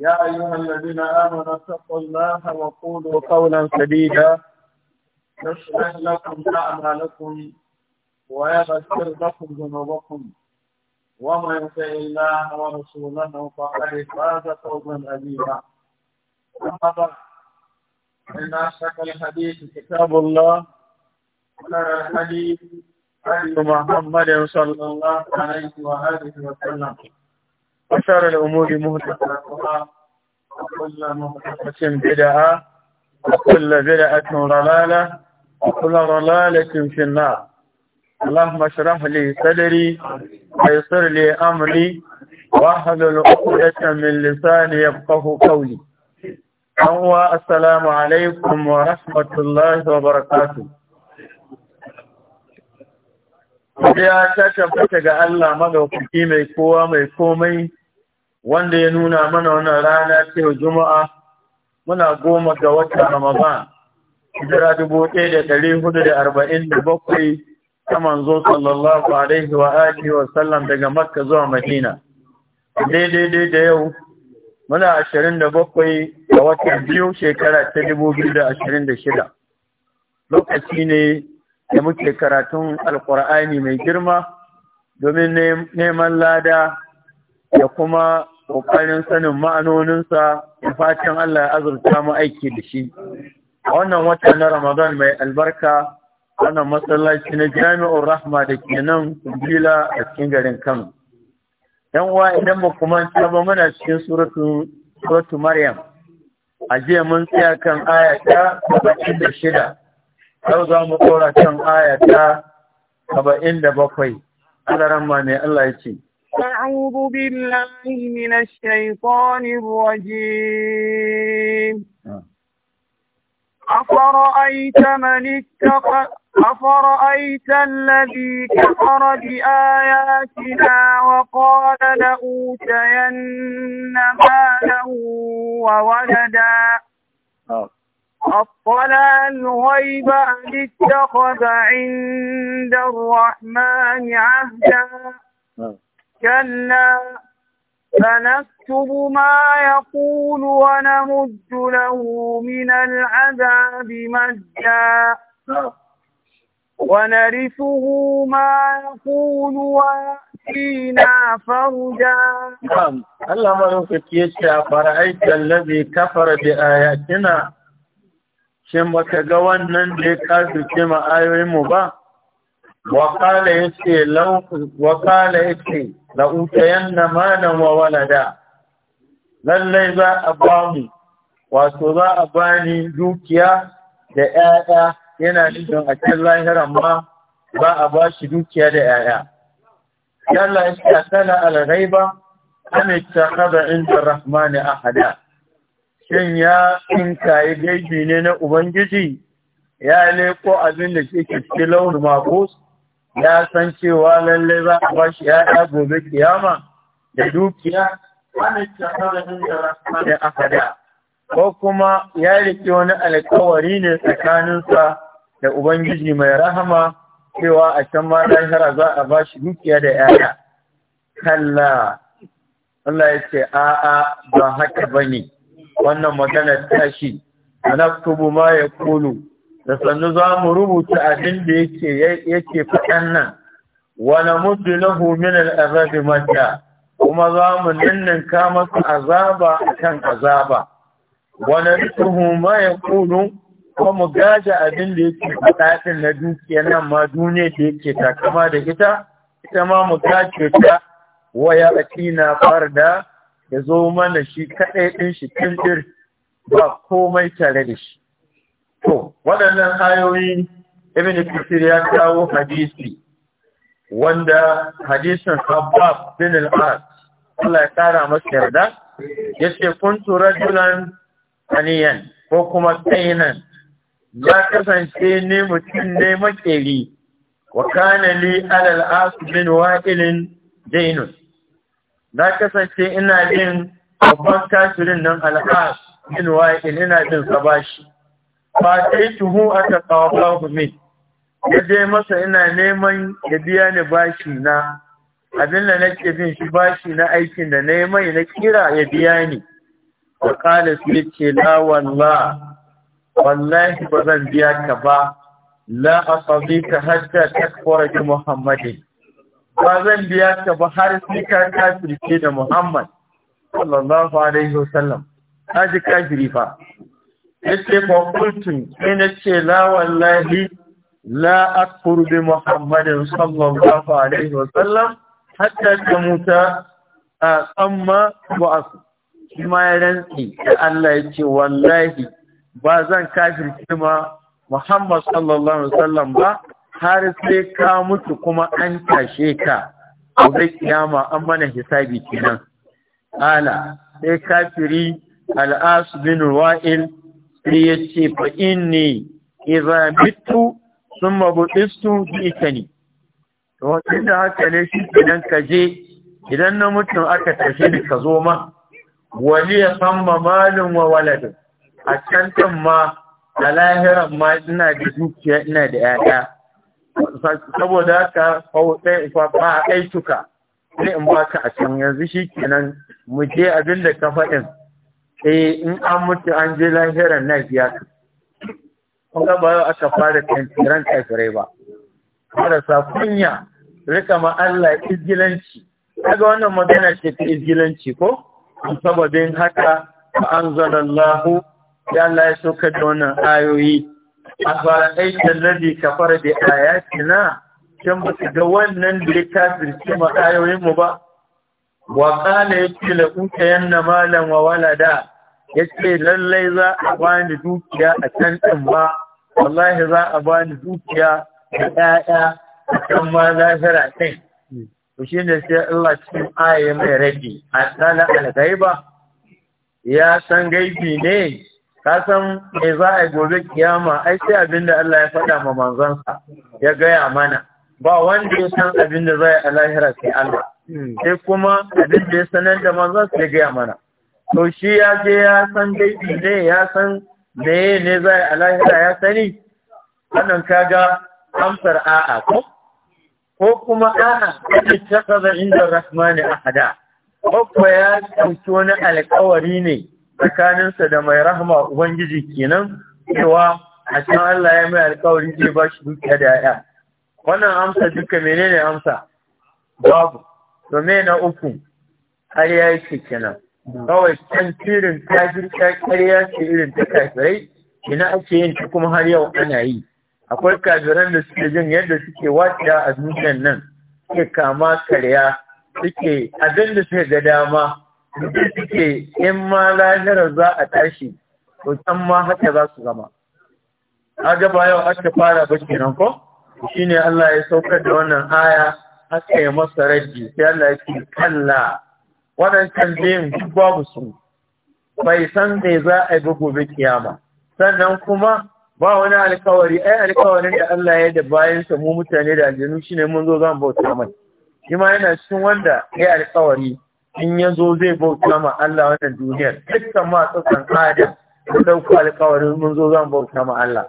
يا أيها الذين آمنوا اتقوا الله وقولوا قولا سديدا يصلح لكم أعمالكم ويغفر لكم ذنوبكم ومن يطع الله ورسوله فقد فاز فوزا عظيما أما بعد إن أشرك الحديث كتاب الله وخير الحديث حديث محمد صلى الله عليه وآله وسلم وشر الأمور مهدفة وكل مهدفة بدعة وكل بدعة ضلالة وكل ضلالة في النار اللهم اشرح لي صدري ويسر لي أمري واحد عقدة من لساني يبقه قولي هو السلام عليكم ورحمة الله وبركاته يا شاشة tabbata الله Allah madaukaki mai kowa mai wanda ya nuna mana wannan rana ce juma'a muna goma ga watan ramadan hijira dubu ɗaya da ɗari hudu da arba'in da bakwai ta manzo sallallahu alaihi wa alihi wa sallam daga makka zuwa madina daidai da yau muna ashirin da bakwai ga watan biyu shekara ta dubu biyu da ashirin da shida lokaci ne da muke karatun alkur'ani mai girma domin neman lada ya kuma ƙoƙarin sanin ma'anoninsa da fatan Allah ya azurta mu aiki da shi. A wannan wata na Ramadan mai albarka, wannan masallaci na Jami'ar Rahma da ke nan Kubila a cikin garin Kano. ‘Yan uwa idan ba kuma ba muna cikin suratu Maryam, a jiya mun tsaya kan aya ta inda da shida, yau za mu tsora kan aya ta saba'in da bakwai, Allah ne Allah ya ce. أعوذ بالله من الشيطان الرجيم آه. أفرأيت من اتخذ أفرأيت الذي كفر بآياتنا وقال لأوتين مالا وولدا أطلع آه. الغيب أم اتخذ عند الرحمن عهدا آه. كلا فنكتب ما يقول ونمد له من العذاب مدا ونرثه ما يقول ويأتينا فرجا نعم الله ملوك يشاء فرأيت الذي كفر بآياتنا شم وتقوانا لكاذب كما آيوه مباه wakala ya لو وقال na لأوتين مالا وولدا lallai za a ba mu wato za a ba ni dukiya da ‘ya'ya yana nufin a cikin lahiran ma ba a ba shi dukiya da ‘ya'ya. Yalla ya ce a tana ta inda rahmani a hada. Shin ya yi gaibi ne na Ubangiji ya leko abin da ke cikin launin makos ya san cewa lalle za a bashi ya'ya gobe kiyama da dukiya wani shahararren da da aka da ko kuma ya rike wani alkawari ne tsakaninsa da ubangiji mai rahama cewa a can ma lahira za a bashi dukiya da ya'ya kalla Allah ya ce a'a ba haka bane wannan magana tashi anaktubu ma yaqulu da sannu za mu rubuta abin da yake yake faɗan nan wa namuddu na min azabi mata kuma za mu ka masa azaba a kan azaba wa tuhuma ya kunu ko mu gaja abin da yake faɗa na dukiyar nan ma duniya da yake takama da ita ita ma mu gace ta wa ya fara farda ya zo mana shi kaɗai ɗin shi tindir ba komai tare da shi To, waɗannan ayoyi Ibn Kufir ya kawo hadisi wanda hadisin Abbas bin al-As Allah ya kara masa yarda yace tura rajulan aniyan ko kuma tsayinan, ya kasance ne mutum ne makeri wa kana li alal as bin wa'ilin na kasance ina jin babban kafirin nan al'as bin wa'il ina jin sabashi ba yi tuhu aka kawo min ya je masa ina neman ya biya ni bashi na abin da nake bin shi bashi na aikin da na mai na kira ya biya ni wa kala su ya ce la walla wallahi ba zan biya ka ba la asabi ka ta ki muhammadin ba zan biya ka ba har sai ka kafirce da muhammad sallallahu alaihi wasallam ka ji kafiri fa yace fa kuntu ina ce la wallahi la akfuru bi muhammadin sallallahu alaihi wa sallam hatta tamuta a amma ba a ma ya rantsi da Allah ya ce wallahi ba zan kafirce kima Muhammad sallallahu alaihi wa wasallam ba har sai ka mutu kuma an tashe ka gobe kiyama an mana hisabi kenan ala sai kafiri al'asu bin wa'il sai ya ce fa inni idza mitu thumma budistu bi to da haka ne shi idan ka je idan na mutum aka tashi ni ka zo ma wali ya samma malin wa waladin a can can ma a lahiran ma ina da dukiya ina da 'ya'ya saboda haka ba a aituka sai in baka a can yanzu shi kenan mu je abin ka faɗin eh in an mutu an je lahiran na biya kuma ba yau aka fara kantiran kafirai ba marasa kunya rika ma Allah izgilanci kaga wannan magana ce ta izgilanci ko sababin haka fa anzalallahu ya Allah ya saukar da wannan ayoyi A fara da alladhi kafara da ayatina kin ba ga wannan da ya ma ayoyin mu ba wa ya ce la yanna malan wa walada yace lallai za a bani dukiya a can din ba wallahi za a bani dukiya da ƴaƴa a can ma lafira kai to shine sai Allah cikin aya mai ra'bi a tsala al-ghaiba ya san gaibi ne ka san me za a gobe kiyama ai sai abinda Allah ya faɗa ma manzansa ya gaya mana ba wanda ya san abinda zai a lahira sai Allah Hmm. sai kuma abin da ya sanar da manzon sai gaya mana to shi ya je ya san daidai ne ya san meye ne za a lahira ya sani wannan kaga amsar a'a ko ko kuma a'a kaji takaza inda rahmani ahada ko kuma ya ɗauki wani alkawari ne tsakaninsa da mai rahama ubangiji kenan cewa a can Allah ya mai alkawari zai ba shi dukiya da ya'ya wannan amsa duka menene amsa babu to na uku ƙarya yake kenan kawai can tirin kafirta ƙarya ce irin ta kafirai ina ake yin ta kuma har yau ana yi akwai kafiran da suke jin yadda suke wata a zuciyar nan suke kama karya suke abin da suke ga dama suke in ma lahira za a tashi to can ma haka za su gama. a gaba yau aka fara ba kenan ko shine Allah ya saukar da wannan aya aka yi masa rage sai Allah yake kalla waɗancan biyun babu su bai san me za a yi gobe kiyama sannan kuma ba wani alkawari ai alkawarin da Allah ya da bayan sa mu mutane da aljanu shine mun zo zan bauta mai shi yana cikin wanda ya alkawari in ya zo zai bauta ma Allah wannan duniyar dukkan ma tsakan adam mun dauko alkawarin mun zo zan bauta ma Allah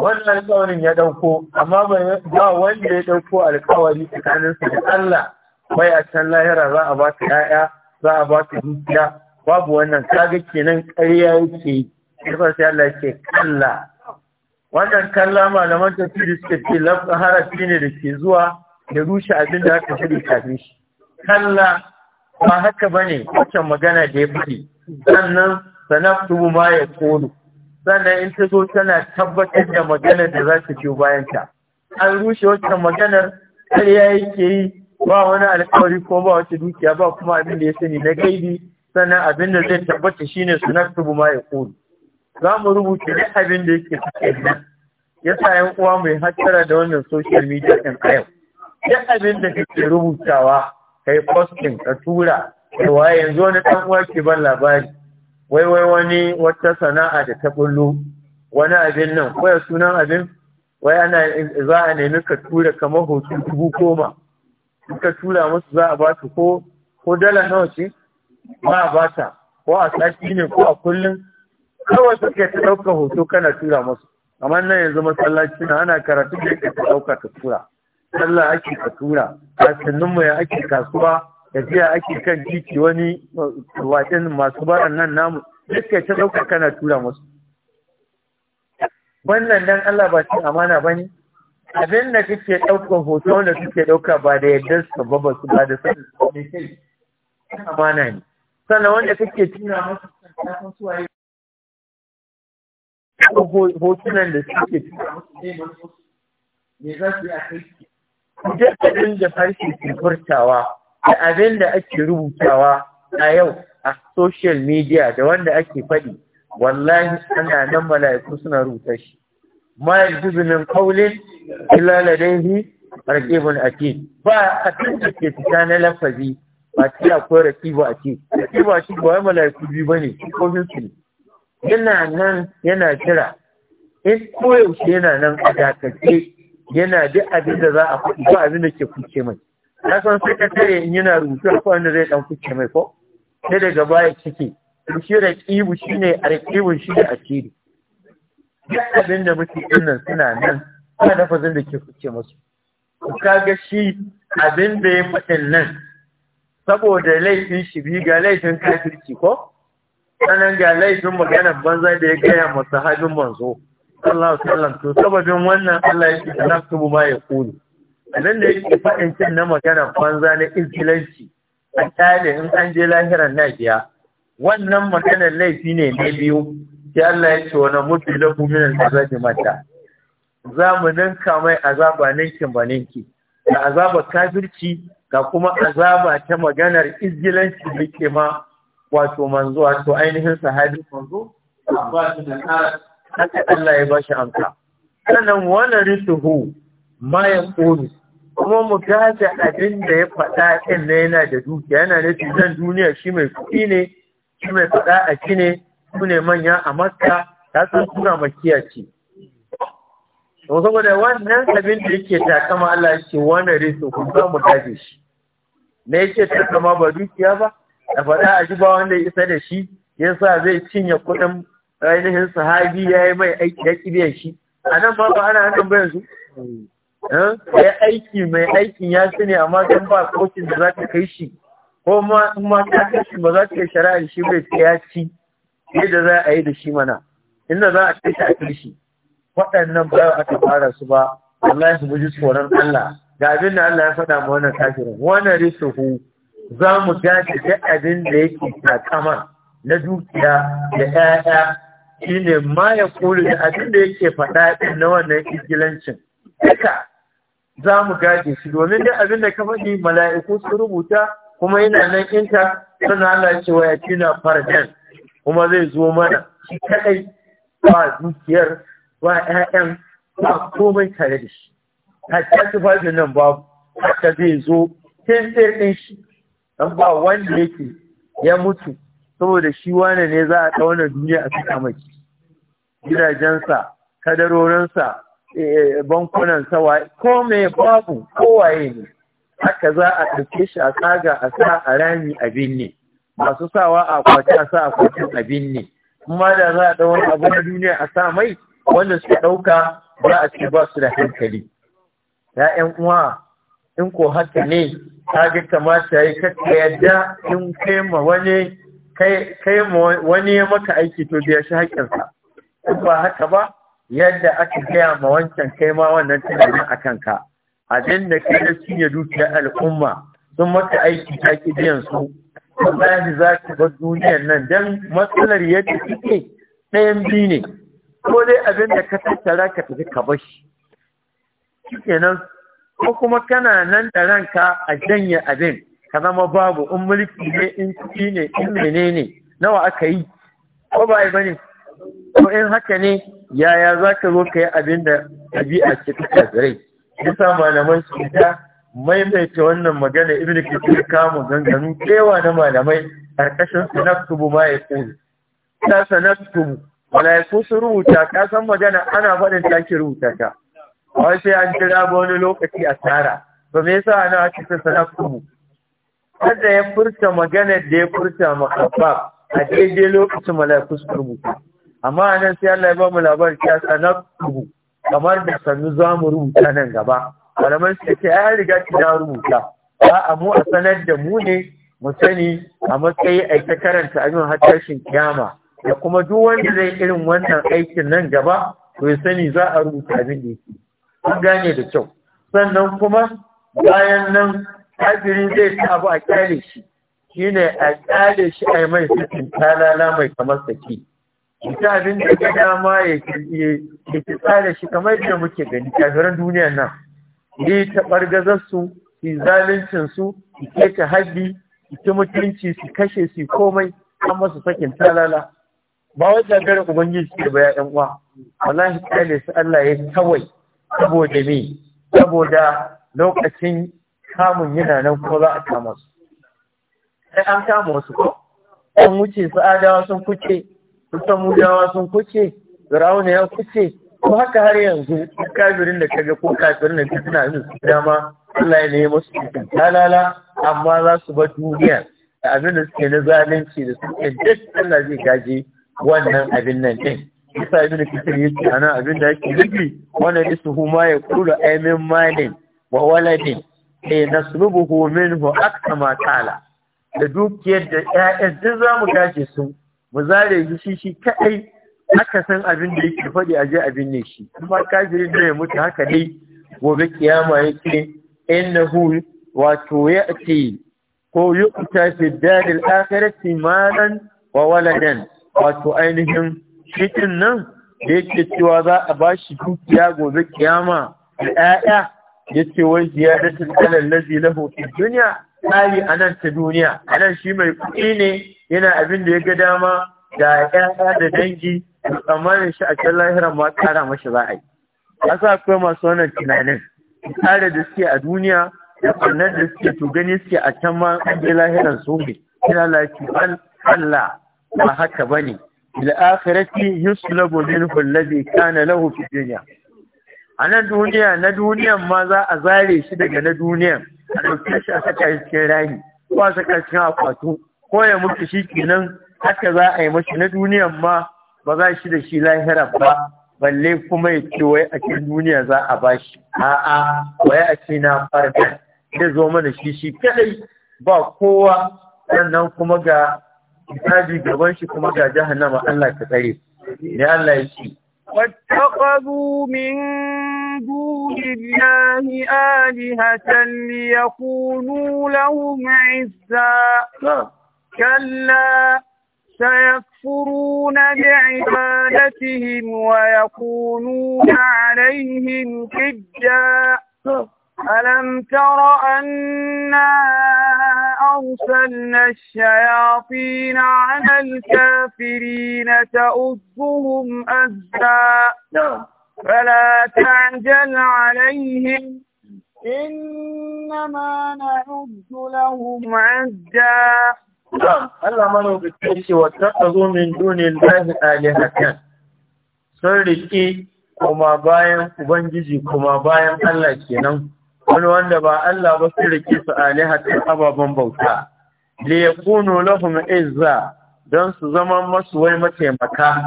wannan tsaunin ya ɗauko amma ba wanda ya ɗauko alkawari tsakaninsu da Allah bai a can lahira za a ba su ‘ya'ya za a ba su dukiya babu wannan kaga kenan ƙarya yake kifar sai Allah ke kalla wannan kalla malaman tafsiri suka ce lafza harafi ne da ke zuwa da rushe abin da aka shiri kafin shi kalla ba haka bane wacce magana da ya fadi sannan sanaktu ma ya kolo sannan in ta zo tana tabbatar da maganar da za ta ce bayan ta an rushe wancan maganar karya yake yi ba wani alƙawari ko ba wata dukiya ba kuma abin da ya sani na gaidi sannan abin da zai tabbata shine sunan tubu ma ya za mu rubuta duk abin da yake nan ya sa yan uwa mai hattara da wannan social media ɗin a yau duk abin da kake rubutawa kai posting ka tura kai waye yanzu wani ɗan uwa ke ban labari wai wai wani wata sana'a da ta bullo wani abin nan ya sunan abin wai ana za a nemi ka tura kamar hoto dubu goma in ka tura musu za a ba su ko ko dala nawa ce ba a ba ta ko a sati ne ko a kullum kawai suke ta ɗaukar hoto kana tura musu amma nan yanzu masallaci na ana karatu da ke ta ɗauka ta tura sallah ake ka tura kasuwanninmu ya ake kasuwa tafiya ake kan titi wani waɗin masu baran nan namu duk ta ɗauka kana tura musu wannan dan Allah ba shi amana ba ne abin da kake ɗaukan hoto wanda kake ɗauka ba da yadda su ba ba su ba da sani ne kai amana ne sannan wanda kake tura musu kan waye hotunan da suke tura musu ne za su yi a kai duk abin da farshe ke furtawa da abin da ake rubutawa a yau a social media da wanda ake faɗi wallahi ana nan mala'iku suna rubuta shi ma yajuzu min qawlin illa ladayhi raqibun ba a da ke fita na lafazi ba ce akwai raqibu atid raqibu atid ba wai mala'iku biyu ba bane ko ne. yana nan yana kira in koyaushe yana nan a dakace yana duk abin da za a faɗi ba abin da ke kuce mai Ya san sai ka tare in yana rubutu akwai wanda zai dan kuke mai ko sai daga baya ciki shi da ne shine ƙibu shi da asiri duk abin da muke dinnan suna nan dafa zan da ke kuke masu ta ga shi abin da ya faɗin nan saboda laifin shi bi ga laifin kafirci ko sanan ga laifin maganar banza da ya gaya masa hajjin manzo sallallahu alaihi wasallam to sababin wannan Allah ya ce naktubu ma ya kuli nan da yake faɗin cin na maganar kwanza na insulanci a tare in an je lahiran na wannan maganar laifi ne na biyu sai Allah ya ce wani mutu da kuminan da zafi mata za mu ninka mai azaba ninkin ba ninki da azaba kafirci ga kuma azaba ta maganar izgilanci da ke ma wato manzo wato ainihin sahabi manzo ba su da Allah ya ba shi amsa sannan wani rituhu mayan ƙoni, kuma mu gaza abin da ya faɗa ɗin na yana da dukiya yana shi zan duniya shi mai kuɗi ne shi mai faɗa a ki ne su ne manya a makka ta sun suna makiya ce don saboda wannan abin da yake takama Allah ke ce wani kun za mu gaje shi na yake takama ba dukiya ba da faɗa a ji ba wanda ya isa da shi ya sa zai cinye kuɗin ainihin sahabi ya yi mai aiki ya ƙi biyan shi a nan ba ba ana hannun ba yanzu ya eh? aiki mai aikin ya sani amma don ba kocin da za ta kai shi ko ma in ma ta kai shi ba za ta kai shari'a shi bai ta ya ci yadda za a yi da shi mana inda za a kai shi a kai shi waɗannan ba aka fara su ba Allah ya mu ji tsoron Allah ga abin da Allah ya faɗa ma wannan kafirin wannan risuhu za mu gaji duk abin da yake takama na dukiya da 'ya'ya shine ma ya kulu da abin da yake faɗa na wannan igilancin Eka, za mu gaje shi domin dai abin da ka faɗi mala'iku su rubuta kuma yana nan inta sannan Allah ya ce wa yatina kuma zai zo mana shi kadai ba dukiyar ba ƴaƴan ba komai tare da shi hatta tufafin nan babu haka zai zo tintir ɗin shi dan ba wanda yake ya mutu saboda shi wane ne za a ɗauna duniya a saka mai gidajensa kadarorinsa Eh, bankunan sawa ko mai babu kowaye ne haka za a ɗauke shi a tsaga a sa a rami a binne, masu sawa a kwace a sa a kwace a binne, kuma da za a ɗau abu na duniya a sa mai wanda suka ɗauka ba a ce ba su da hankali Ya'yan uwa in ko haka ne ta ga kamata yi kakka yadda in kai ma wani kai ma wani maka aiki to biya shi haƙƙinsa in ba haka ba yadda aka gaya ma wancan kai ma wannan tunanin a kanka abin da kai da cinye dukiyar al'umma sun maka aiki ta biyan su wallahi za ka bar duniyar nan dan matsalar yadda kike ɗayan biyu ne ko dai abin da ka tattara ka tafi ka bar shi shikenan ko kuma kana nan da ranka a janye abin ka zama babu in mulki ne in ciki ne in menene nawa aka yi ko ba yi bane ko in haka ne yaya za ka zo ka yi abin da ɗabi'a ce ta kafirai yasa malaman su ta maimaita wannan magana ibnu kathir kamun ganganu kewa na malamai karkashin kubu ma ya kuru ta sanaktubu malaiku su rubuta ka san magana ana faɗin ta ki rubuta ta wai sai an jira ba wani lokaci a tara ba me yasa ana aka ta kubu kada ya furta magana da ya furta ma a daidai lokacin malaiku su rubuta amma nan sai Allah ya ba mu labarin ya sanatu kamar da sannu za mu rubuta nan gaba malaman suka ce ai riga ki na rubuta a'a mu a sanar da mu ne mu sani a matsayi a ta karanta abin har tashin kiyama da kuma duk wanda zai irin wannan aikin nan gaba to ya sani za a rubuta abin da yake kun gane da kyau sannan kuma bayan nan kafiri zai ta abu a kyale shi shine a kyale shi a yi mai sitin talala mai kamar saki ita abin da ya dama ya ke tsara shi kamar yadda muke gani kafiran duniyan nan yi ta ɓargazar su su zalincin su su keta haɗi su mutunci su kashe su komai an masu sakin talala ba wai gagara ubangiji ke ba ya ɗan uwa wallahi kale su Allah ya kawai saboda me saboda lokacin kamun yana nan ko za a kama su sai an kama wasu ko an wuce su adawa sun kuce kusan mujawa sun kuce firawuna ya kuce ko haka har yanzu kafirin da kaga ko kafirin da ka suna yin su dama Allah ya nemi musu lala amma za su bar duniya da abin da suke na zalunci da suke duk Allah zai gaji wannan abin nan din da ibn kasir yake ana abin da yake nufi wannan isuhu ma ya kula aimin malin wa waladin eh naslubuhu minhu akta ma kala da dukiyar da yayan duk za mu gaje su mu zare shi shi shi kadai aka san abin da yake faɗi a je abin ne shi kuma kafirin da ya mutu haka dai gobe kiyama yake innahu wato ya ce ko yi fi dalil akhirati malan wa waladan wato ainihin shikin nan da yake cewa za a ba shi dukiya gobe kiyama da 'ya'ya yace wai ziyadatul alal ladzi lahu fid dunya tsari a nan ta duniya a nan shi mai kuɗi ne yana abin da ya ga dama da ƴaƴa da dangi da shi a can lahiran ma ƙara mashi za a yi sa akwai masu wannan tunanin tsara da suke a duniya da sannan da suke to gani suke a can ma an je lahiran su ne ina lafi Allah ba haka bane ne akhirati yuslabu minhu alladhi kana lahu fi dunya anan duniya na duniyan ma za a zare shi daga na duniyan a ɗauke shi a saka shi cikin rami ko a saka cikin akwato? ko ya mutu shi kenan haka za a yi mashi na duniyan ma ba za shi da shi lahira ba balle kuma ya ce wai a cikin duniya za a shi. a'a wai a ce na farda zai zo mana shi shi kadai ba kowa sannan kuma ga hisabi gaban shi kuma ga jahannama Allah ta tsare ne Allah ya ce واتخذوا من دون الله آلهة ليكونوا لهم عزا كلا سيكفرون بعبادتهم ويكونون عليهم حجا ألم تر أنا أرسلنا الشياطين على الكافرين تؤذهم أزا فلا تعجل عليهم إنما نعد لهم عزا ألا منوا بالتحس واتخذوا من دون الله آلهة سوري كي كما باين وبنجزي كما باين الله كي نمت wani wanda ba Allah ba su rike su alihatin ababen bauta li yakunu lahum izza don su zama masu wai mataimaka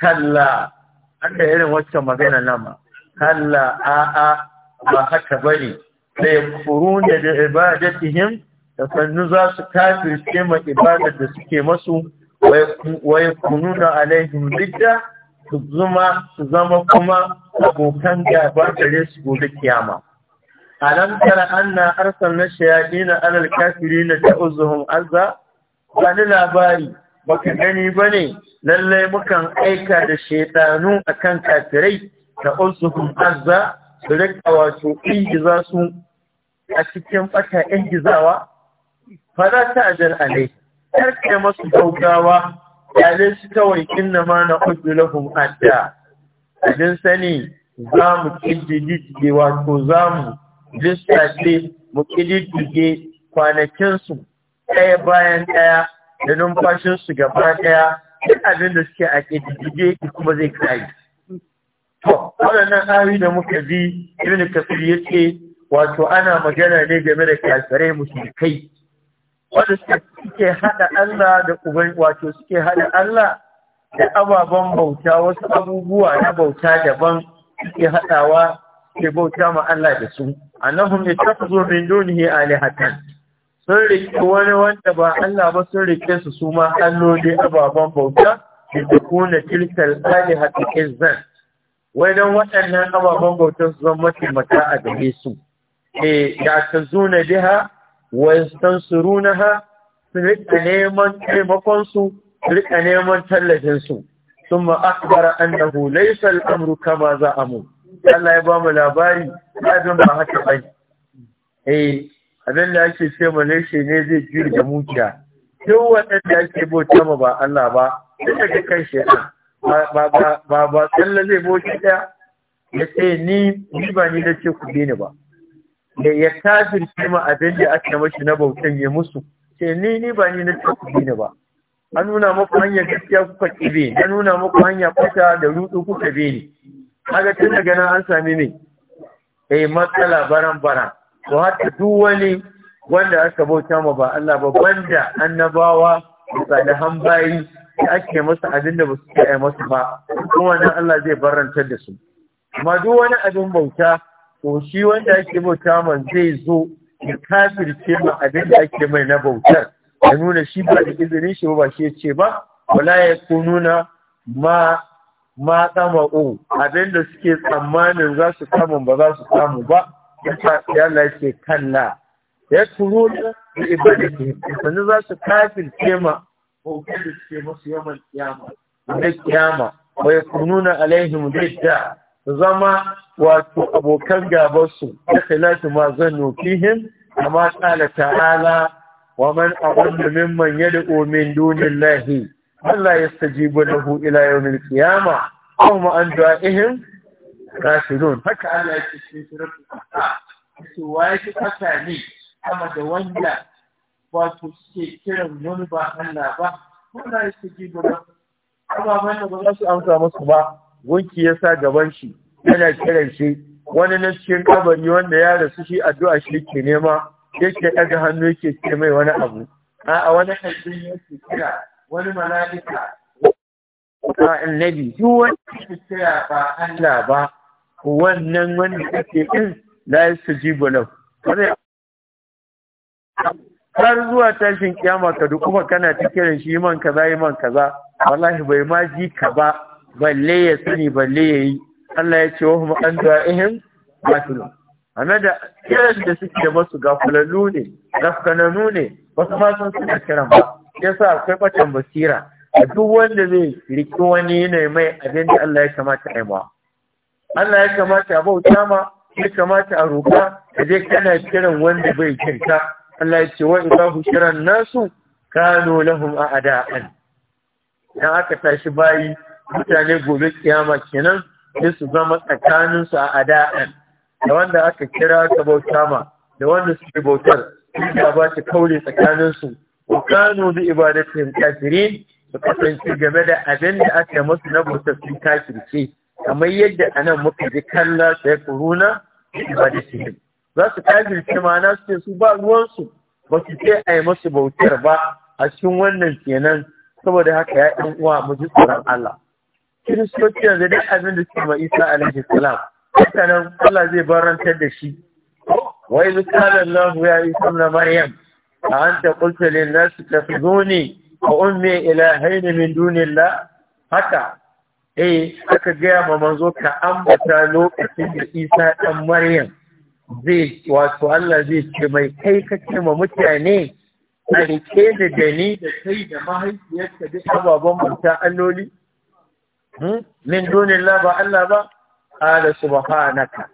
kalla aka irin wacce magana nama Kalla, kalla a'a ba haka ba ne." da ne da ibadatihim da sannu za su ce ma ibadar da suke masu kuno na alaihim bidda su zama kuma abokan gaba gare su gobe kiyama alam tara anna arsalna shayatin ala alkafirin ta'uzuhum azza wani labari baka gani bane lallai mukan aika da shaytanu akan kafirai ta'uzuhum azza su rika wato ingiza su a cikin fata ingizawa fa za ta ajal alai karke masu gaugawa yale su kawai inna ma na udu lahum adda abin sani za mu didi, wato za mu lissafe mu ƙididdige kwanakinsu ɗaya bayan ɗaya da numfashinsu gaba ɗaya duk abin da suke a ƙididdige kuma zai kayi. To, waɗannan ayoyi da muka bi irin Kafir ya ce wato ana magana ne game da kafirai kai. wanda suke haɗa Allah da uban wato suke haɗa Allah da ababen bauta wasu abubuwa na bauta daban suke haɗawa ke bauta ma Allah da su annahum yattakhudhu min dunihi alihatan sun rike wani wanda ba Allah ba sun rike su su ma alloli ababen bauta ke kuna tilkal alihati izzan wai dan waɗannan ababen bautar su zama mata a gare su eh da ta zuna biha wa yastansurunaha su rika neman taimakon su rika neman tallafin su ثم أخبر أنه ليس الأمر كما زعموا Allah ya ba mu labari abin ba haka ba eh abin da ake ce ma reshe ne zai ji da mukiya duk waɗanda ake bauta mu ba Allah ba duk da kan shi ba ba ba ba zai bauta ɗaya ya ce ni ni ba ni da ce ku bi ni ba da ya kafirce ma abin da aka mashi na bautan ya musu ce ni ni ba ni da ce ku bi ni ba an nuna muku hanya gaskiya kuka ƙibe an nuna muku hanya kwata da rudu kuka bi ni kaga tun daga nan an sami ne eh matsala baran bara to hatta duk wani wanda aka bauta ma ba Allah ba banda annabawa da bayi, da ake masa abin da ba su ke masa ba kuma nan Allah zai barantar da su amma duk wani abin bauta to shi wanda ake bauta ma zai zo ya kafirce ma abin da ake mai na bautar ya nuna shi ba da izinin shi ba shi ya ce ba wala ya kununa ma ma tsama'u abinda suke tsammanin za su samu ba za su samu ba ya tafi Allah ya ce kalla ya turo da sannan za su kafin kema ko da suke musu yaman kiyama da kiyama wa yakununa alaihim da zama wato abokan ya da khilatu ma nufi fihim kama qala ta'ala wa man adallu mimman yad'u min dunillahi Allah ya stajibu lahu ila mil kiyama, aw ma an ihin rashidun. haka Allah ya ce cikin suratul ahqaf Wa waye shi kasa ne kama da wanda su suke kiran wani ba Allah ba Allah ya stajibu lahu amma wanda ba za su amsa musu ba gunki ya sa gaban shi yana kiran shi wani na cikin kabari wanda ya rasu shi addu'a shi ke nema yake ɗaga hannu yake ce mai wani abu a'a wani hajji yake kira wani mala'ika ta annabi duk wanda ke ya ba Allah ba wannan wanda kake din la yastajibu lahu har zuwa tashin kiyama ka duk kuma kana ta kiran shi man kaza yi man kaza wallahi bai ma ji ka ba balle ya sani balle ya Allah ya ce wa hum an du'a'ihim batil ana da kiran da suke da basu ne gafkananu ne basu ma san suna kiran ba yasa akwai batan basira a duk wanda zai riki wani yanayi mai abin da Allah ya kamata a yi ma Allah ya kamata a bauta ma ya kamata a roƙa a zai kana kiran wanda bai kirka Allah ya ce wa ku kiran nasu kanu lahum a'da'an Idan aka tashi bayi mutane gobe kiyama kenan sai su zama tsakanin su a ada'an da wanda aka kira ka bauta ma da wanda suke bautar da ba ta kaure tsakanin su wa kanu bi ibadatihim kafirin su kasance game da abinda da aka musu na bauta sun kafirce kamar yadda anan muka ji kalla sai kuruna ibadatihim za su kafirce ma'ana su ce su ba ruwansu ba su ce a yi musu bautar ba a cikin wannan kenan saboda haka ya ɗan uwa mu ji tsoron Allah kiristoci yanzu dai abin da suka ma Isa alaihi salam haka nan Allah zai barantar da shi Wai idh qala Allah ya Isa ibn Maryam أأنت قلت للناس تخذوني وأمي إلهين من دون الله haka eh aka gaya ma manzo ka ambata lokacin da Isa ɗan Maryam zai wato Allah zai ce mai kai kace ma mutane a rike da dani da kai da mahaifiyarka duk ababen mata alloli min dunillah ba Allah ba ala subhanaka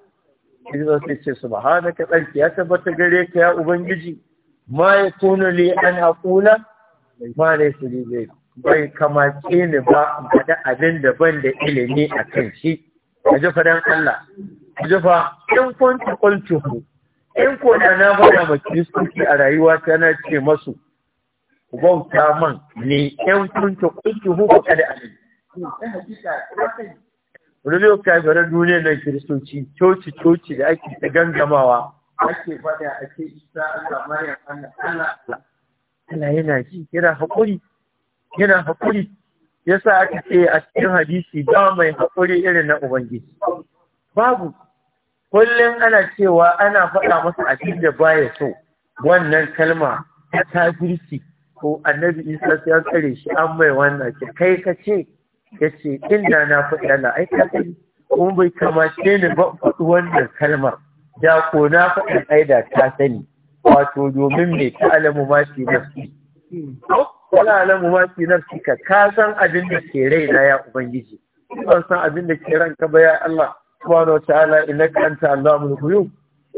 Izo sai ce subhanaka tsarki ya tabbata gare ka ya ubangiji ما يكون لي أن أقول ما ليس لي ذلك ne zai bai kamace ni ba gada abin da ban da ilimi a kan shi a ji faɗin Allah a ji fa in kun ta ku in ko da na faɗa ma kiristoci a rayuwa ta na ce masu bauta man ne in kun ta ku ku kada abin wani lokacin kafirar duniyar nan kiristoci coci coci da ake gangamawa ake faɗa ake isa Allah Maryam Allah Allah Allah yana ji yana haƙuri yana haƙuri yasa aka ce a cikin hadisi ba mai haƙuri irin na Ubangiji babu kullum ana cewa ana faɗa masa abin da baya so wannan kalma ta kafirci ko annabi Isa ya tsare shi an mai wannan ce kai ka ce ya ce inda na faɗi Allah kuma bai kamace ni ba faɗi wannan kalmar da ko na faɗin aida ta sani wato domin mai ta alamu ma fi nafsi ta alamu ma fi nafsi ka ka san abin da ke rai na ya ubangiji ban san abin da ke ranka ba ya Allah subhanahu wataala innaka anta allamul ghuyub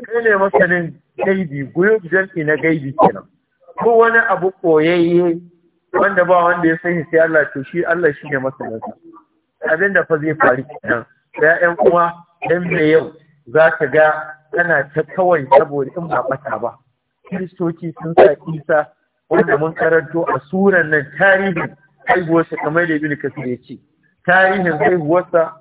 kai ne masanin gaibi ghuyub jam'i na gaibi kenan ko wani abu koyayye wanda ba wanda ya sani sai Allah to shi Allah shi ne masanin abin da fa zai faru kenan ya ƴan uwa dan me yau za ka ga tana ta kawai saboda in ba bata ba kiristoci sun sa isa wanda mun karanto a suran nan tarihin haihuwarsa kamar da ibn kasir ya ce tarihin haihuwarsa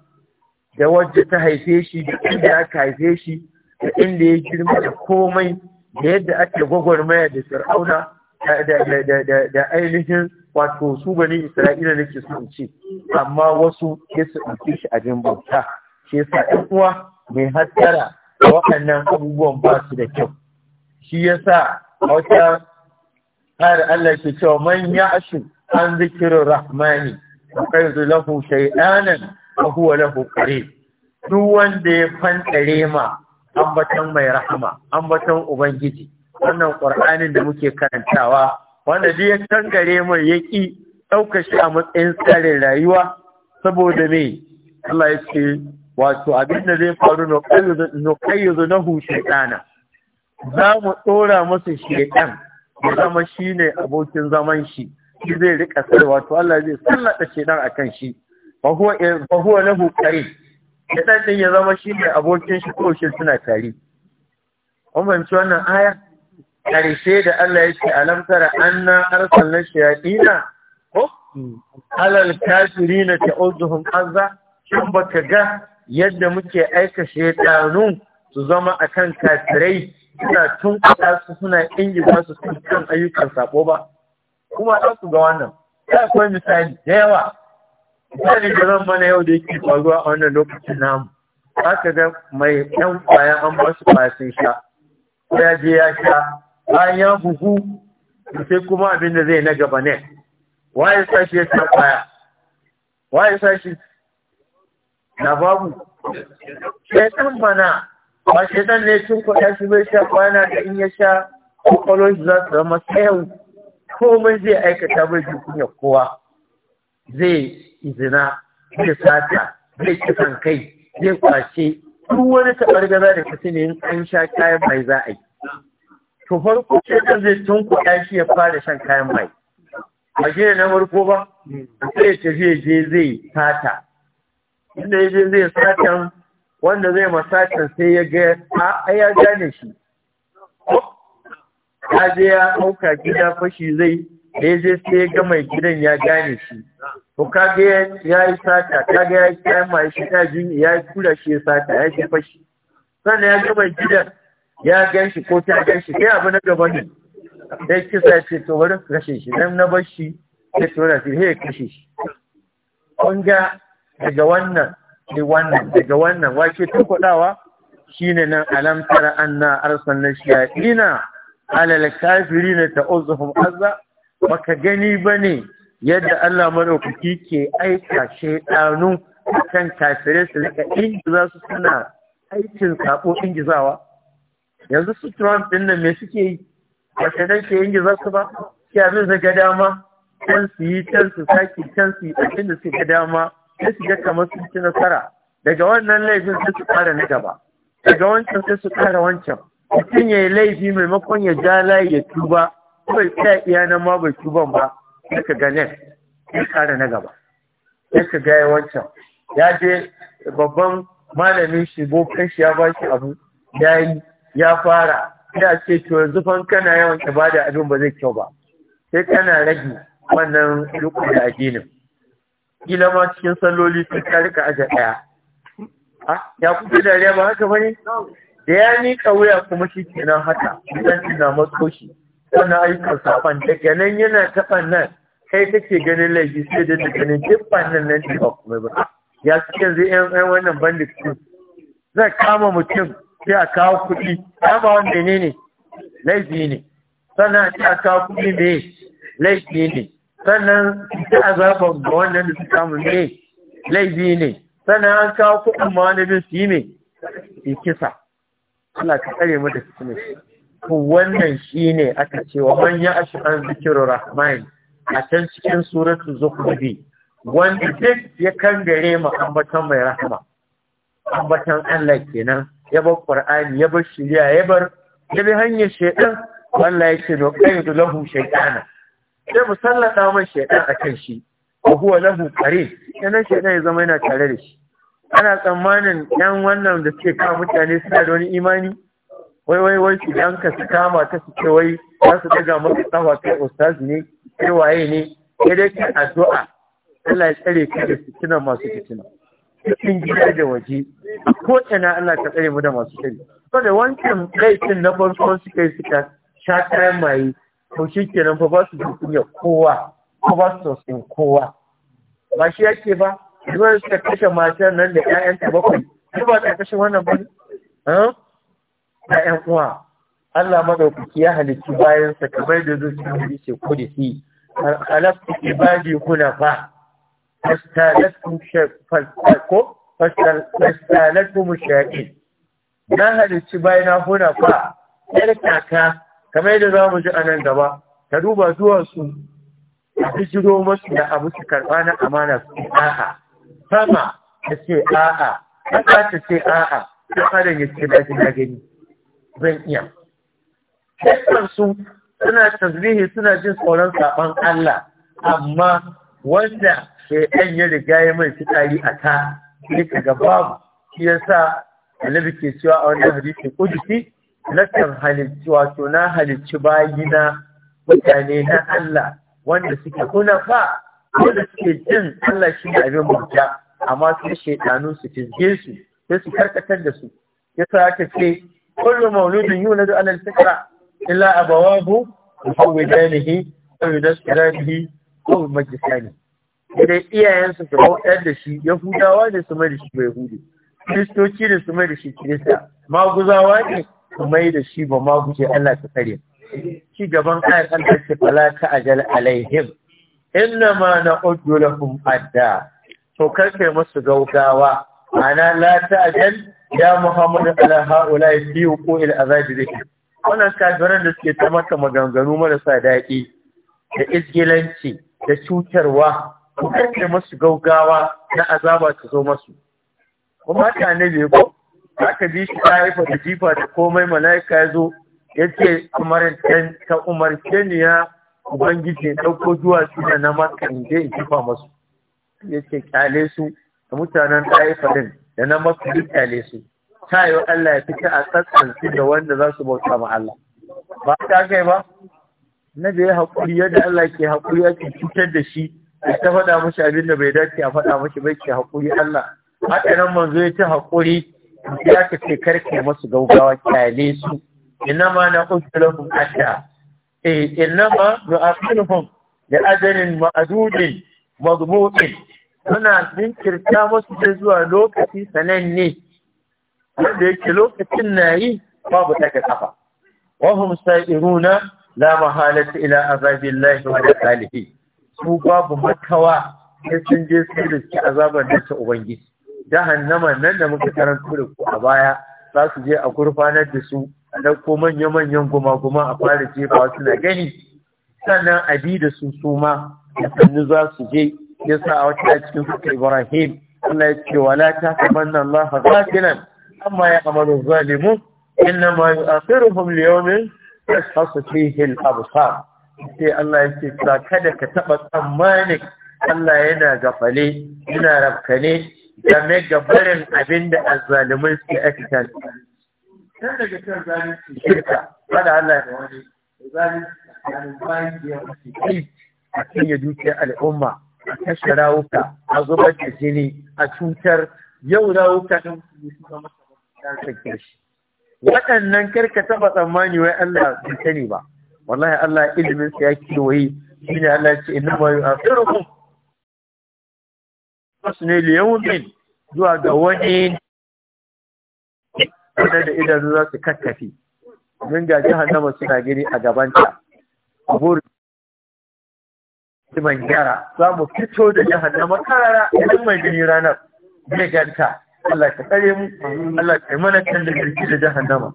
da wajen ta haife shi da inda aka haife shi da inda ya girma da komai da yadda ake gwagwarmaya da fir'auna da ainihin wato su bani isra'ila nake ke sun ce amma wasu ya su ɗauke shi abin bauta shi yasa ɗan uwa mai hattara waɗannan abubuwan ba su da kyau shi yasa a wata har Allah ke cewa man ya'shu an zikirin rahmani kai lafu shaidanan a huwa lafu kare. duk wanda ya fantsare ma ambaton mai rahama ambaton ubangiji wannan ƙur'anin da muke karantawa wanda duk ya kangare mai yaƙi, ɗauka shi a matsayin tsarin rayuwa saboda mai Allah ya ce wato abinda zai faru na hushe ɗana. za mu ɗora masa shekan ya zama shine abokin zaman shi shi zai rika sai wato Allah zai sallata shaytan shi fa huwa fa huwa lahu qarin ya zama shine abokin shi ko shi suna tare umman wannan aya ƙarshe da Allah ce alamtara anna arsalna shayatina ko hmm. alal kafirina ta'udduhum azza shin baka ga yadda muke aika shaidanu su zama akan kasirai suna tun su suna ba su kan ayyukan sabo ba kuma za su ga wannan ya akwai misali da yawa misali da zan mana yau da yake faruwa a wannan lokacin namu za ka ga mai ɗan kwaya an ba su kwaya sun sha ko ya je ya sha bayan ya buhu sai kuma abin da zai na gaba ne waye sa shi ya sha kwaya waye sa shi na babu shaitan bana ba shaitan ne cin kwata shi bai sha kwana da in ya sha kwakwalon shi za su zama tsayin komai zai aikata bai ji kunya kowa zai izina zai sata zai kisan kai zai kwace duk wani taɓar gaza da kasi ne in sha kayan mai za a yi to farko shaitan zai cin kwata shi ya fara shan kayan mai ba shi ne na farko ba sai ya tafi je zai sata inda ya je zai satan wanda zai masatan sai ya ga a ya gane shi ya je ya hauka gida fashi zai da ya je sai ya ga mai gidan ya gane shi to kaga ya yi sata ga ya yi ma shi ta jini ya yi kula shi ya sata ya yi fashi sannan ya ga mai gidan ya gan shi ko ta gan shi kai abu na gaba ne sai kisa ce to bari kashe shi dan na bar shi sai tura shi sai kashe shi kun ga daga wannan ne wannan daga wannan wake tunkuɗawa shine nan alam tara anna arsalna shayatina alal kafirina ta'uzuhum azza baka gani bane yadda Allah madaukaki ke aika shaydanu kan kafire su rika ingiza su suna aikin sabo ingizawa yanzu su Trump din nan me suke yi ba shaidan ke ingiza su ba sai abin su ga dama can su yi can su sake can su yi abin da suka dama sai su ga kamar sun ci nasara daga wannan laifin sai su kara na gaba daga wancan sai su kara wancan mutum ya yi laifi maimakon ya ja layi ya tuba bai ya iya nan ma bai tuban ba sai ka ga sai kara na gaba sai ka ga wancan ya je babban malamin shi bokan shi ya ba shi abu ya yi ya fara ya ce to yanzu fan kana yawan ibada abin ba zai kyau ba sai kana rage wannan rukun da addinin kila ma cikin salloli sai ka rika aje ɗaya ya da dare ba haka bane da ya ni wuya kuma shi kenan haka idan ina matsoshi shi sannan ayyukan safan da ganin yana taɓan nan kai take ganin laifi sai da ganin jibban nan nan ba kuma ba ya cikin zai yan yan wannan bandit din zai kama mutum sai a kawo kuɗi kama wanda ne ne laifi ne sannan a kawo kuɗi ne laifi ne sannan ta azaban ga wannan da su samu ne laifi ne sannan an kawo kuɗin ma wani bin su yi mai kisa Allah ka tsare mu da su ne wannan shi ne aka ce wa manya a shi an zikiru rahman a can cikin suratu zukubi wanda duk ya kangare mu ambatan mai rahama ambatan Allah kenan ya bar Qur'ani ya bar shirya ya bar ya bi hanyar shaytan Allah ya ce do da lahu shaytana sai mu sallata man a kan shi ko huwa lahu qarin kenan shi ya zama yana tare da shi ana tsammanin yan wannan da suke kama mutane suna da wani imani wai wai wai su ka su kama ta su wai za su daga maka tsawa kai ustaz ne kai waye ne sai dai addu'a Allah ya tsare ka da fitina masu fitina cikin gida da waje ko ina Allah ka tsare mu da masu tsare saboda wancan laifin na farko suka yi suka sha kayan maye to shi kenan fa ba su ji kunya kowa ko ba su tausayin kowa ba shi yake ba zuwa suka kashe matar nan da ta bakwai su ba ta kashe wannan ba ne da ƴan Allah madaukaki ya halicci bayan sa kamar da zuci ne ce ko da shi khalaqtu ibadi ba, fastalatu shaqaqo fastalatu mushaqin na halicci bayan hunafa yar kaka kamar yadda za mu ji a nan gaba ta duba zuwa su a jiro masu da abu su karɓa na amana su a'a sama ta ce a'a ƙasa ta ce a'a ta adam ya ce daji na gani zan iya suna tasbihi suna jin tsoron saɓan Allah amma wanda ɗan ya riga ya mai fitari a ta ka ga babu shi yasa annabi ke cewa a wannan hadisi kudusi nakan halicci wato na halicci bayina mutane na Allah wanda suke fa. wanda suke jin Allah shi ne abin bauta amma su shaidanu su fizge su sai su karkatar da su yasa aka ce kullu mauludin yuladu ala al-fitra illa abawahu yuhawidanihi aw yudasiranihi aw majlisani idan iyayensu su bautar da shi yahudawa ne su mai da shi yahudi kiristoci ne su mai da shi kirista maguzawa ne Ka mai da shi ba ma guje Allah ta tsare ci gaban ayar Allah ce fala ta ajal alaihim inna ma na'uddu lahum adda to karkai musu gaugawa ana la ta ajal ya muhammadu ala haula fi wuqu'il azabi dhikr wannan kafiran da suke ta maka maganganu marasa daɗi da izgilanci da cutarwa ko karkai musu gaugawa na azaba su zo masu kuma ta ne ko aka ji shi ta haifa da jifa da komai mala'ika ya zo ya ce ta umarce ni ya ubangiji ɗauko zuwa da na maka in je in masu ya ce kyale su da mutanen ta din da na maka duk kyale su ta yi Allah ya fita a su da wanda za su bauta ma Allah ba ta kai ba na da ya haƙuri yadda Allah ke haƙuri ke cutar da shi ya ta faɗa mashi abin da bai dace a faɗa mashi bai ke haƙuri Allah haka nan manzo ya ta haƙuri za aka ce karke masu gaugawa kyale su ina ma na usulahum lafi eh inna ma nu'akhiruhum da ajalin ma'adudin mazmutin muna jinkirta masu da zuwa lokaci sananne wanda yake lokacin na yi babu daga kafa wahum sa'iruna la mahalata ila azabillahi wa dakalihi su babu makawa sai sun je su da azabar da ta ubangiji Jahan jahannama nan da muka karanta da ku a baya za su je a gurfanar da su a dauko manya-manyan guma-guma a fara jefa suna gani sannan a bi da su suma da sannu za su je ya sa a wata a cikin suka ibrahim Allah ya ce wala ta kaman nan Allah fa zakiran amma ya amalu zalimu inna ma yu'akhiruhum li yawmin tashhasu fihi al abusa sai Allah ya ce kada ka taɓa tsammanin Allah yana gafale yana rafkane game ga barin abin da azzalumai suke aikata tun daga kan zalunci shirka fada Allah da wani zalunci tsakanin bayan da ya wuce kai a cinye dukiyar al'umma a kashe rawuka a zubar da jini a cutar yau rawuka don su yi suka masa masu shi waɗannan karka taɓa tsammani wai Allah bai sani ba wallahi Allah ilimin sa ya shi ne Allah ya ce inna ma yu'akhirukum ne liyaumin zuwa ga wani wadda da idanu za su kakkafi min ga jahannama suna gini a gabanta a burin man gyara za mu fito da jahannama karara idan mai gini ranar zai ganta Allah ka tsare mu Allah ka mana kan da jirgi da jahannama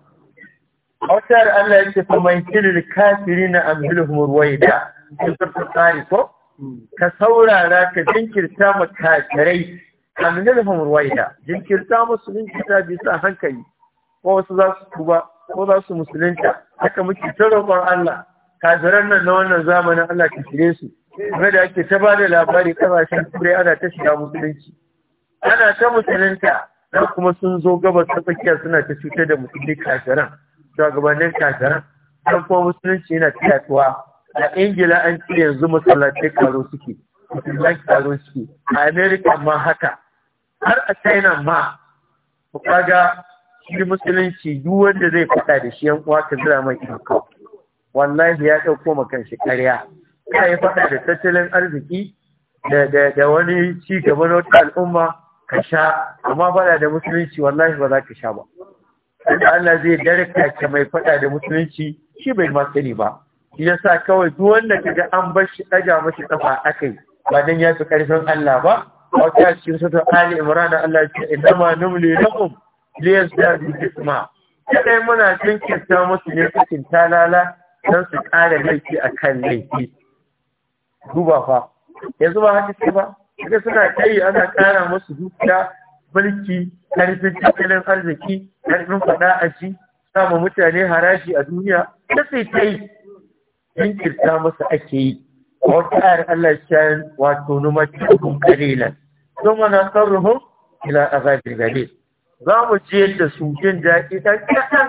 Allah ya ce fa man kilil kafirina amhiluhum ruwaida in sun tsari ko ka saurara ka jinkirta ma kafirai kamin da ruwaida jinkirta musu jinkirta bisa hankali ko wasu za su tuba ko za su musulunta haka muke ta roƙon Allah kafiran nan na wannan zamanin Allah ka shirye su game da ake ta ba da labari kasashen turai ana ta shiga musulunci ana ta musulunta Dan kuma sun zo gabas ta tsakiya suna ta cutar da musulmi kafiran shugabannin kafiran don kuma musulunci yana ta a ingila an ce yanzu masallatai karo suke musulman karo suke a america ma haka har a china ma ku kaga shi musulunci duk wanda zai faɗa da shi yan uwa ka zira mai iko wallahi ya ɗauko ma kanshi ƙarya ka yi faɗa da tattalin arziki da wani ci gaba na wata al'umma ka sha amma faɗa da musulunci wallahi ba za ka sha ba Allah zai dare, ka mai faɗa da musulunci shi bai ma sani ba yasa kawai duk wanda kaga an bar shi daga mashi kafa akai ba dan ya fi karfin Allah ba wata ya cikin sura Ali Imran Allah ya ce inma numli da liyazdadu isma kai muna jinkirta musu ne cikin talala dan su ƙara laifi a kan laifi duba fa yanzu ba haka ce ba kaga suna kai ana ƙara musu dukiya mulki karfin tattalin arziki karfin faɗa a shi sama mutane haraji a duniya da sai ta yi jinkirta masa ake yi wata ayar Allah ya wato cikin numatihum qalilan thumma nasarruhum ila azabil gare. za mu je da su jin daɗi ta kaɗan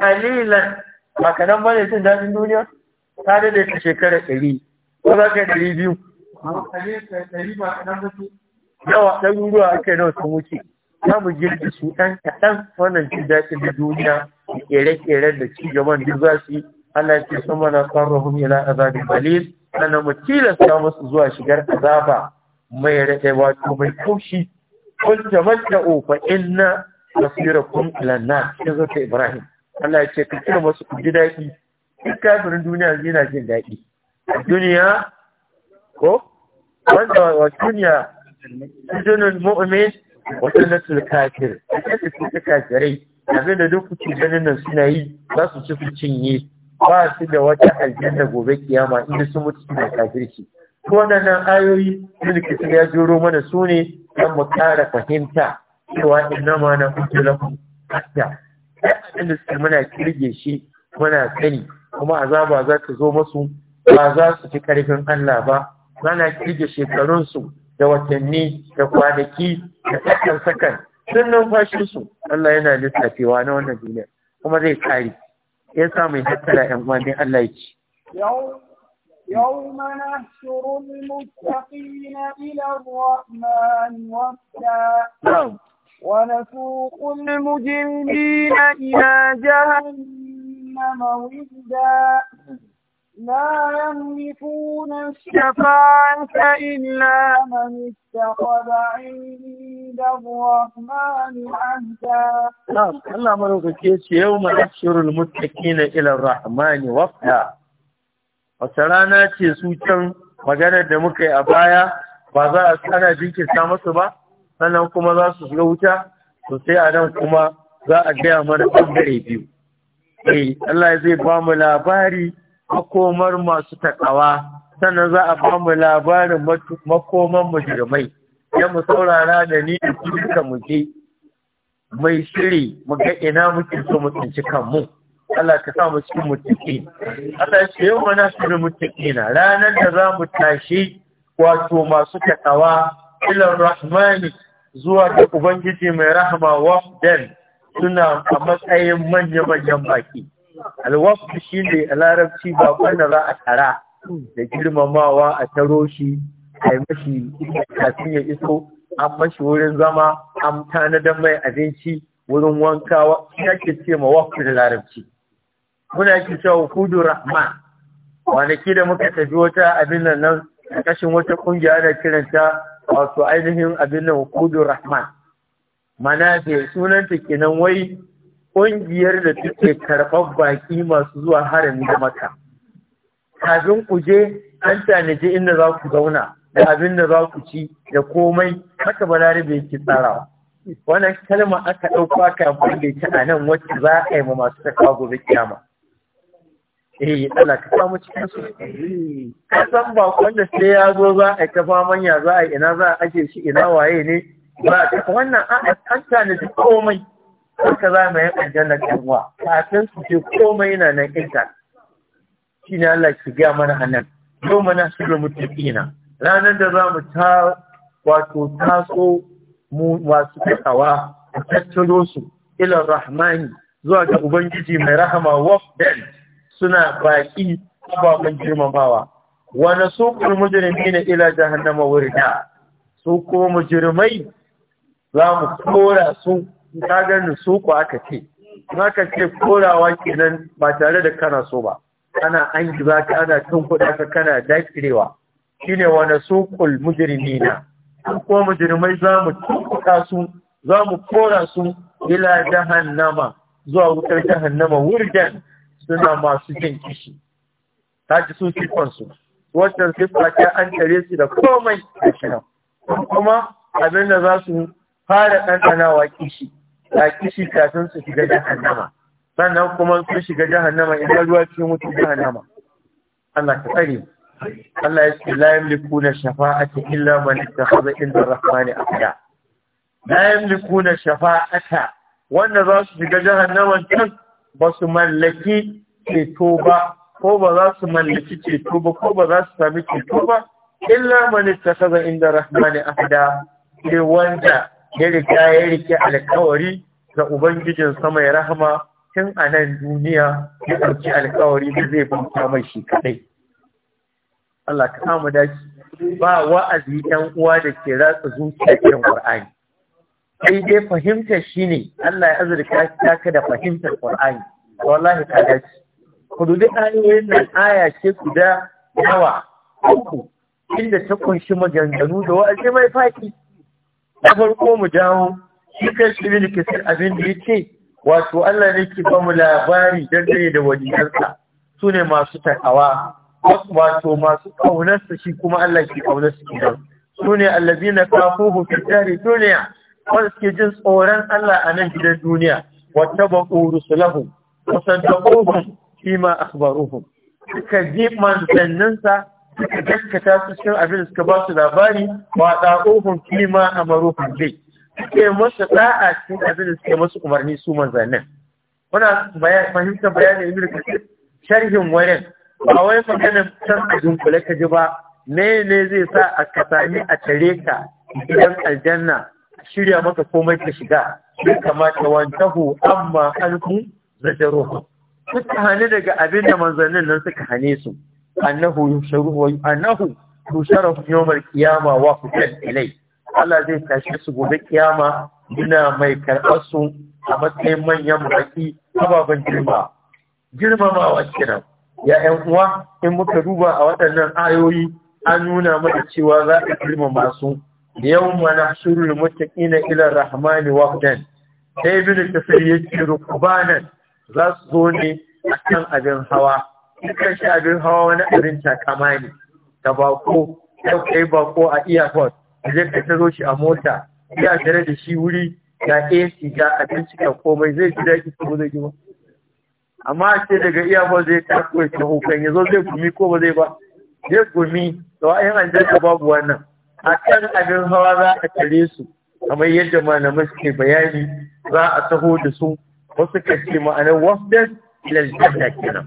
kalilan ba nan ba ne jin daɗin duniya ta daɗe ta shekara ɗari ko za ka ɗari biyu yawa ɗaruruwa ake nawa sun wuce za mu je su ɗan kaɗan wannan jin daɗin da duniya ƙere ƙeren da ci gaban duk za su yi Allah ce sun mana sarrahum ila azabin balid ana mutila tilasta musu zuwa shigar azaba mai rade wato mai kushi kun tamatta'u fa inna masirakum ila nar in ta Ibrahim Allah ya ce ka kira musu ku daɗi kafirin duniya yana jin daɗi duniya ko wanda wa duniya sujunul mu'min wa sunnatul kafir kace su kafirai abinda duk kuke ganin nan suna yi za su ci su cinye ba su da wata aljanna gobe kiyama inda su mutu suna kafirci to wannan ayoyi da likita ya juro mana sune ne don mu ƙara fahimta cewa inna ma na kullu hatta in da suke muna kirge shi muna sani kuma azaba za ta zo masu ba za su ci karfin Allah ba ana kirge shekarun su da watanni da kwanaki da sakan sakan fashin su, Allah yana lissafewa na wannan duniya kuma zai kare ya sa mai hattara ‘yan wani Allah ki. Yau mana shirun mutafi na ilar wa’an wata, wane suƙun mujimbi na ina jihar nama wujuda. لا يملكون الشفاعة إلا من اتخذ عند الرحمن عهدا نعم الله ملوك يوم نحشر المتقين إلى الرحمن وفدا وسرانا ce su can maganar da muka yi a baya ba za a tsara jinkirta masu ba sannan kuma za su shiga wuta to sai a nan kuma za a gaya mana ɓangare biyu eh Allah zai ba mu labari makomar masu taƙawa sannan za a bamu mu labarin makoman mujirmai ya mu saurara da ni da duka mu mai shiri mu ga ina muke so mu tsinci kanmu Allah ka sa mu cikin mutaki Allah ce yau mana shirin mutaki na ranar da za mu tashi wato masu takawa ilan rahmani zuwa ga ubangiji mai rahama wafdan suna a matsayin manya-manyan baki Alwafi shi ne a larabci ba wanda za a tara da girmamawa a taro shi a yi mashi kafin ya iso an mashi wurin zama an tanadar mai abinci wurin wanka ya ke ce ma wafi da larabci muna ke cewa hudu rahma kwanaki da muka tafi wata abin nan a kashin wata kungiya ana kiranta wato ainihin abin nan hudu rahma mana da sunanta kenan wai ƙungiyar da take karɓar baƙi masu zuwa harami da maka kafin ku je an tanaji inda za ku zauna da abin da za ku ci da komai haka bai yake tsarawa wannan kalma aka ɗauka kafin da ita a nan wacce za a yi ma masu takawa gobe kyama. eh Allah ka samu cikin su ka san ba wanda sai ya zo za a ta faman ya za a ina za a ajiye shi ina waye ne ba wannan an tanaji komai haka za mu yi aljanna kanwa kafin su ce komai na nan inta shi ne Allah ki ga mana nan yau mana shirin mutakina ranar da za mu ta wato taso mu masu takawa a tattalo su ilan rahmani zuwa ga ubangiji mai rahama wafdan suna baki ababen girmamawa wa nasuqul ne ila jahannama wurda su ko mujrimai za mu kora su ka ganin suku aka ce ka ce korawa kenan ba tare da kana so ba ana an giza ka ana tun kuɗa ka kana dakirewa shine wa na, mujrimina ko mujirimai za mu tunkuɗa su za mu kora su ila jahannama zuwa wutar jahannama wurgen suna masu jin kishi ta ji su sifansu wacce sifa ta an tare su da komai da kuma abin da za su fara ɗanɗanawa kishi ta kishi kafin su shiga jahannama sannan kuma su shiga jahannama idan ruwa cikin mutu jahannama Allah ta tsare Allah ya ce la yamlikuna shafa'ata illa man ittakhadha inda rahmani ahda la yamlikuna shafa'ata wanda za su shiga jahannama kan, ba su mallaki ceto ba ko ba za su mallaki ceto ba ko ba za su sami ceto ba illa man ittakhadha inda rahmani ahda sai wanda ya ya rike alkawari ga ubangijin sama ya rahama tun a nan duniya ya ɗauki alkawari da zai bauta mai shi kaɗai Allah ka samu dace ba wa'azi ɗan uwa da ke ratsa zuciya kan Qur'ani sai dai fahimtar shi ne Allah ya azurka shi taka da fahimtar Qur'ani wallahi ka dace ku dudu ayoyin nan aya ce guda yawa uku inda ta kunshi maganganu da wa'azi mai faki na farko mu jawo, shi kai shi ke kisir abin da yake wato Allah ne ke ba mu labari dangane da wajiyarsa su ne masu takawa wato masu ƙaunarsa shi kuma Allah ke kaunarsa kenan su ne allazina kafuhu fi dari duniya wanda suke jin tsoron Allah a nan gidan duniya wata baƙo rusulahu wasan da ma akhbaruhum suka ji manzanninsa suka gaskata su cikin abin da suka ba su labari wa kima a marufin bi suke masa ɗa'a cikin abin da suke masu umarni su manzannin muna fahimta bayanin yin kasir sharhin wurin ba wai maganar san a dunkule ka ji ba ne ne zai sa a kasani a tare ka gidan aljanna shirya maka komai ka shiga ya kamata wantahu amma alku zajaruhu suka hannu daga abin da manzannin nan suka hane su annahu yusharuhu wa annahu yusharuhu yawmal qiyamah wa qul ilai Allah zai tashi su gobe kiyama yana mai karɓar su a matsayin manyan baki ababen girma girmamawa kiran ya ƴan uwa in muka duba a waɗannan ayoyi an nuna mana cewa za a girmama su yawma nahshurul muttaqina ila rahmani wafdan sai ibn kasir yake rukbanan za su zo ne a kan abin hawa kan shi abin hawa wani abin takama ne da bako yau kai bako a airport zai ka taro shi a mota ya tare da shi wuri ga AC ga abinci ga komai zai ji daɗi ko zai ji ba amma ce daga airport zai ta ya ta hukan ya zo zai gumi ko ba zai ba zai gumi to a yin anjanta babu wannan a kan abin hawa za a tare su kamar yadda malamai suke bayani za a taho da su wasu kashe ce ma'anar wasu ila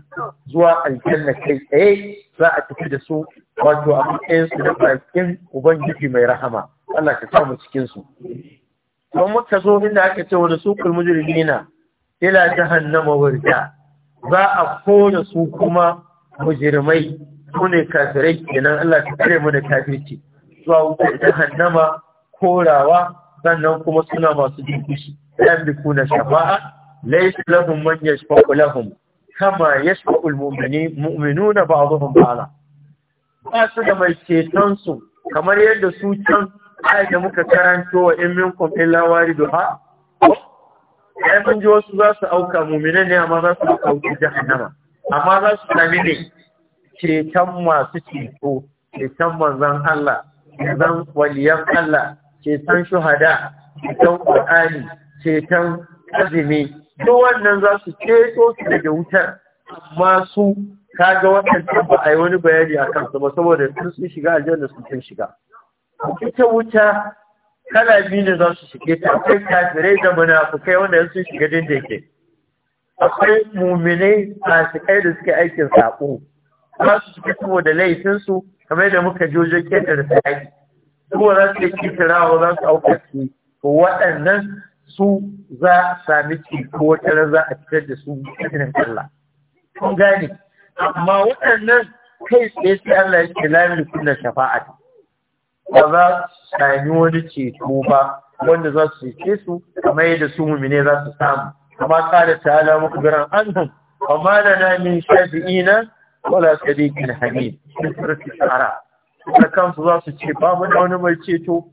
zuwa aljanna kai tsaye za a tafi da su wato a matsayin su da bakin ubangiji mai rahama Allah ka samu cikin su don muka zo inda aka ce wa suqul mujrimina ila jahannama warda za a kora su kuma mujrimai sune kafirai kenan Allah ka kare mu da kafirci zuwa jihan nama korawa sannan kuma suna masu jinkishi yan bikuna shafa'a laysa lahum man yashfa'u lahum kama yashfa'u almu'minuna ba'dhum ba'dha ba su da mai ceton su kamar yadda su can ayat da muka karanto wa in minkum illa wariduha ai mun ji wasu za su auka mu'minan ne amma za su auka wuce amma za su sami ne ceton masu ceto ceton manzon Allah ceton waliyan Allah ceton shuhada ceton ƙur'ani, ceton azumi duk wannan za su ceto su daga wutar amma su kaga waɗancan ba a yi wani bayani a kansu ba saboda sun sun shiga aljanna su sun shiga ita wuta kala biyu ne za su shige ta akwai kafirai da munafukai wanda sun shiga dinda ke akwai muminai kai da suke aikin saƙo za su shiga saboda laifinsu kamar da muka ji wajen kenta da saƙi kuma za su yi kitirawa za su auka su waɗannan su za a sami ceto wata za a fitar da su izinin Allah. Kun gane, amma waɗannan kai tsaye sai Allah ya ce lamin kunna shafa'a ba za su sami wani ceto ba wanda za su ce su kamar yadda su mumine za su samu. Amma kada ta ala muku biran anhum amma da na min shafi'ina wala sadiqin hamid sun shara. Da kansu za su ce ba da wani mai ceto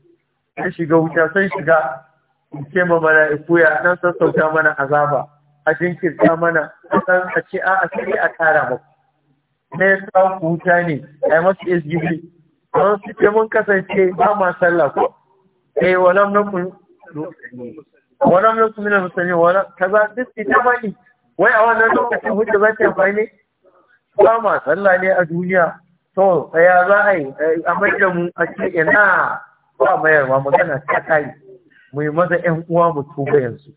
sai shiga wuta sai shiga ke ce ma mala'iku ya dan sassauta mana azaba a jinkirta mana a san a ce a a sai a tara ba ne ya sa ku huta ne ai masu SGB don su ke mun kasance ba ma sallah ko eh walam nakum walam nakum min al-muslimin wala kaza duk ta bani wai a wannan lokacin hujja za ta bai ne ba ma sallah ne a duniya to ya za a yi a mai da mu a ce ina ba mayar ma magana ta kai mai maza yan uwa mu tuba yanzu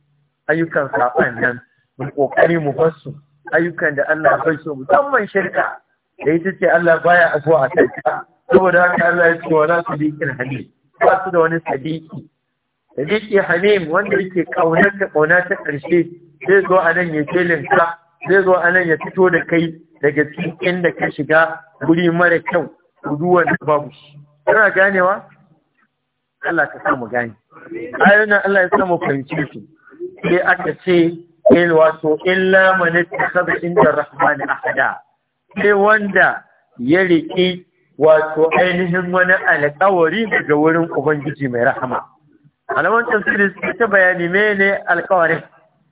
ayyukan saɓan nan mu ƙoƙari mu basu. ayyukan da Allah bai so musamman shirka da ita ce Allah baya a so a kanta saboda haka Allah ya ce wala sadiƙin hali, ba su da wani sadiƙi. sadiki hamim wanda yake ƙaunar ka kauna ta ƙarshe zai zo a nan ya linka, zai zo a nan ya fito da kai daga cikin da ka shiga wuri mara kyau guduwan da babu shi kana ganewa Allah ka samu gani ayoyin Allah ya samu fahimci su sai aka ce in wato illa ta rahma inda rahmani hada' sai wanda ya riƙi wato ainihin wani alƙawari daga wurin ubangiji mai rahama alaman tafsiri su ta bayani mene alƙawarin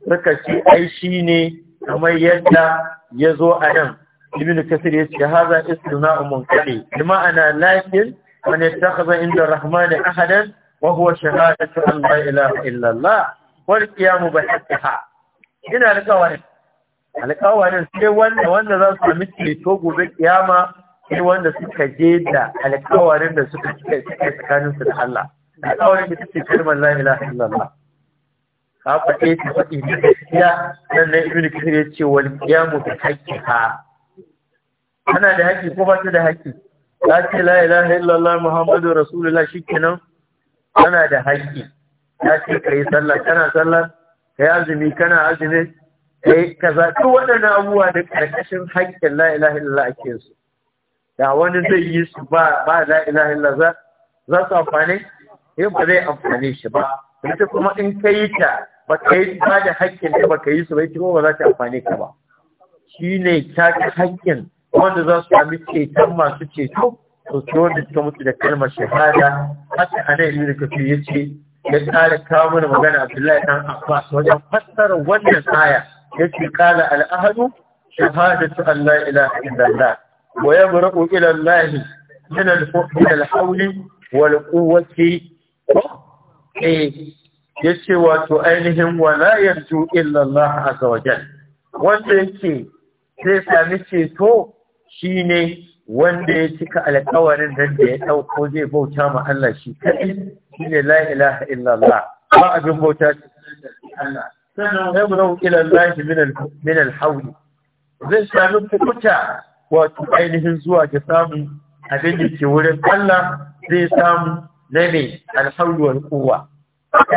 suka ce ai shi ne kamar yadda ya zo a nan ibn kasir ya ce haza istina'u munkari bi ma'ana lakin man yattakhadha inda rahmani ahadan wa huwa shahadatu an la ilaha illa Allah wal qiyamu bi haqqiha ina alƙawarin alƙawarin sai wanda wanda za su sami ceto gobe kiyama sai wanda suka je da alƙawarin da suka cika suka tsakanin da Allah alƙawarin da take kalmar la ilaha illallah ta faɗi da gaskiya nan ne ibnu kathir ya ce wal qiyamu bi ha. ana da haƙƙi ko ba ta da haƙƙi ka ce la ilaha illallah muhammadu rasulullah shikenan kana da haƙƙi ka ce kai sallah kana sallah kai azumi kana azumi kai kaza duk waɗannan abubuwa da karkashin haƙƙin la ilaha illallah ake su da wani zai yi su ba ba la ilaha illallah za su amfane Yau eh, ba zai amfane shi ba ita kuma in ka yi ta ba ka yi ba da haƙƙin ta ba ka yi su ba ita kuma ba za ta amfane ka ba Shi ne ta haƙƙin wanda za su sami ceton masu ceto to su wanda suka mutu da kalmar shahada haka a nan yi da ya ce ya tsara kawo mana magana abdullahi dan abbas wajen fassara wannan aya ya ce kala al'ahadu shahadatu an la ilaha illallah wa yabra'u ila allah min al-fuqri al-hawli wal quwwati eh ce wato ainihin wa la yarju illa allah azza wa jalla wanda yake zai sami ceto shi ne wanda ya cika alkawarin nan da ya ɗauko zai bauta ma Allah shi kaɗai shi ne la ilaha illallah ba abin bauta Allah sannan ya mu ila Allah min alhawli zai sami kuta wato ainihin zuwa ga samun abin da ke wurin Allah zai samu na ne alhawli wal quwwa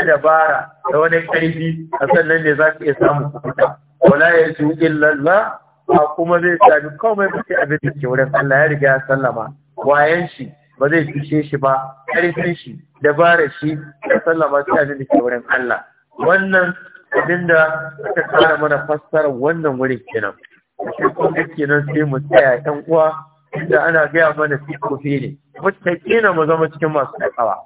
dabara da wani ƙarfi a sannan ne za ka iya samun kuta wala ya illa lalla? ba kuma zai sami komai ba sai abin da ke wurin Allah ya riga ya sallama wayan shi ba zai fice shi ba karfin shi dabarar shi ya sallama sai abin da ke wurin Allah wannan abin da aka kara mana fassara wannan wurin kenan shi kuma kenan sai mu tsaya ɗan uwa inda ana gaya mana kofi ne mutakina mu zama cikin masu takawa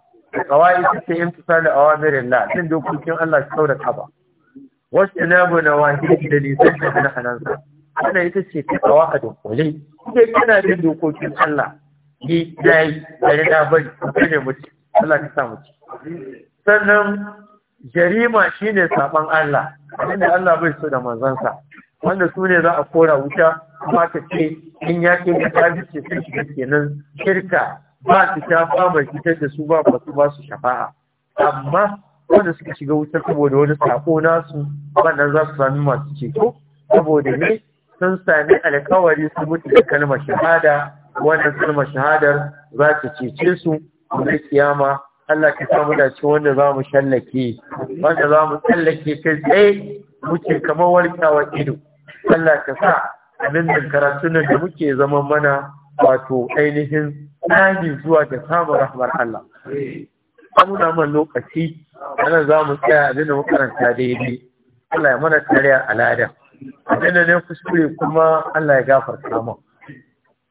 kawai su ce a awamirin la din dokokin Allah su sauraka ba wasu na bu na wahi da nisan da na hanansa ana ita ce ta kawa a dukkule kuma kana bin dokokin Allah ni na yi gari na bari kai ne mutu Allah ka sa mutu sannan jarima shine saban Allah abinda Allah bai so da manzansa wanda su ne za a kora wuta kuma ta ce in ya ke da bice sun shiga kenan shirka ba su shafa fama fitar da su ba ba su ba su shafa'a amma wanda suka shiga wuta saboda wani sako nasu wannan za su sami masu ceto saboda ne sun sami alkawari su mutu da kalmar shahada wannan kalmar shahadar za ta cece su da kiyama Allah ka samu da shi wanda za mu shallake wanda za mu tsallake kai tsaye muke kamar wa ido Allah ka sa abin da karatun da muke zaman mana wato ainihin tsani zuwa da samun rahmar Allah. Amuna man lokaci, ana za mu tsaya abin da karanta daidai. Allah ya mana tare a ladan. abin ne kuskure kuma Allah ya gafarta min